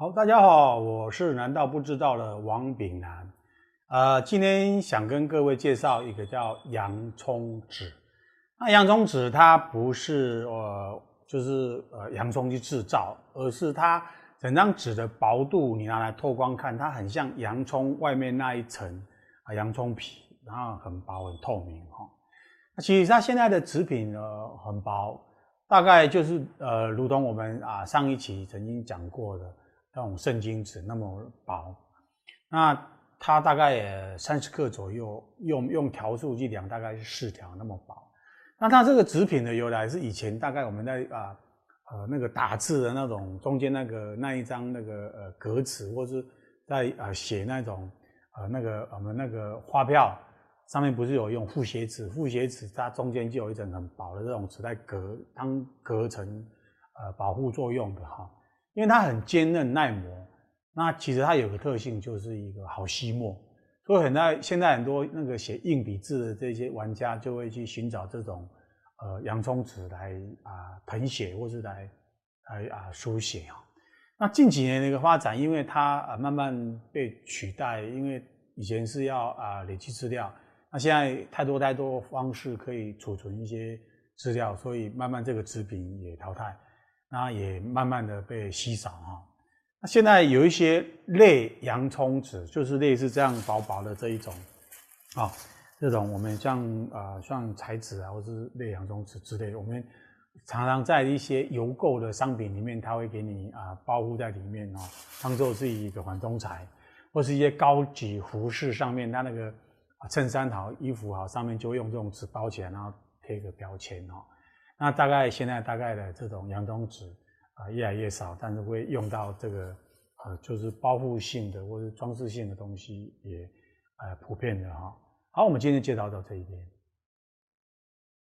好，大家好，我是南道不知道的王炳南，呃，今天想跟各位介紹一個叫洋蔥紙。那洋蔥紙它不是呃，就是呃洋蔥去製造，而是它整張紙的薄度，你拿來透光看，它很像洋蔥外面那一層啊、呃，洋蔥皮，然後很薄、很透明哈。那、哦、其實它現在的紙品呃很薄，大概就是呃，如同我們啊、呃、上一期曾經講過的。那種聖經紙那麼薄，那它大概三十克左右，用用條數計量大概是四條那麼薄。那它這個紙品的由來是以前大概我們在啊呃那個打字的那種中間那個那一張那個呃格尺，或是在啊、呃、寫那種呃那個我們、呃、那個發票上面不是有用複寫紙，複寫紙它中間就有一層很薄的這種紙在隔當隔層呃保護作用的哈。因為它很堅韌耐磨，那其實它有個特性，就是一個好吸墨，所以現在現在很多那個寫硬筆字的這些玩家就會去尋找這種，呃，洋蔥紙來啊誊，呃，寫或是來來啊，呃，書寫啊。那近幾年的一個發展，因為它啊，呃，慢慢被取代，因為以前是要啊，呃，累積資料，那現在太多太多方式可以儲存一些資料，所以慢慢這個紙品也淘汰。那也慢慢的被稀少哈。那現在有一些類洋蔥紙，就是類似這樣薄薄的這一種啊，這種我們像啊、呃、像彩紙啊，或是類洋蔥紙之類的，我們常常在一些郵購的商品裡面，它會給你啊、呃、包覆在裡面哦，當做是一個緩衝材，或是一些高級服飾上面，它那個襯衫好衣服好，上面就用這種紙包起來，然後貼一個標籤哦。那大概現在大概的這種洋蔥紙啊越來越少，但是會用到這個啊，就是包覆性的或者裝飾性的東西也啊普遍的哈。好，我們今天介紹到這一邊。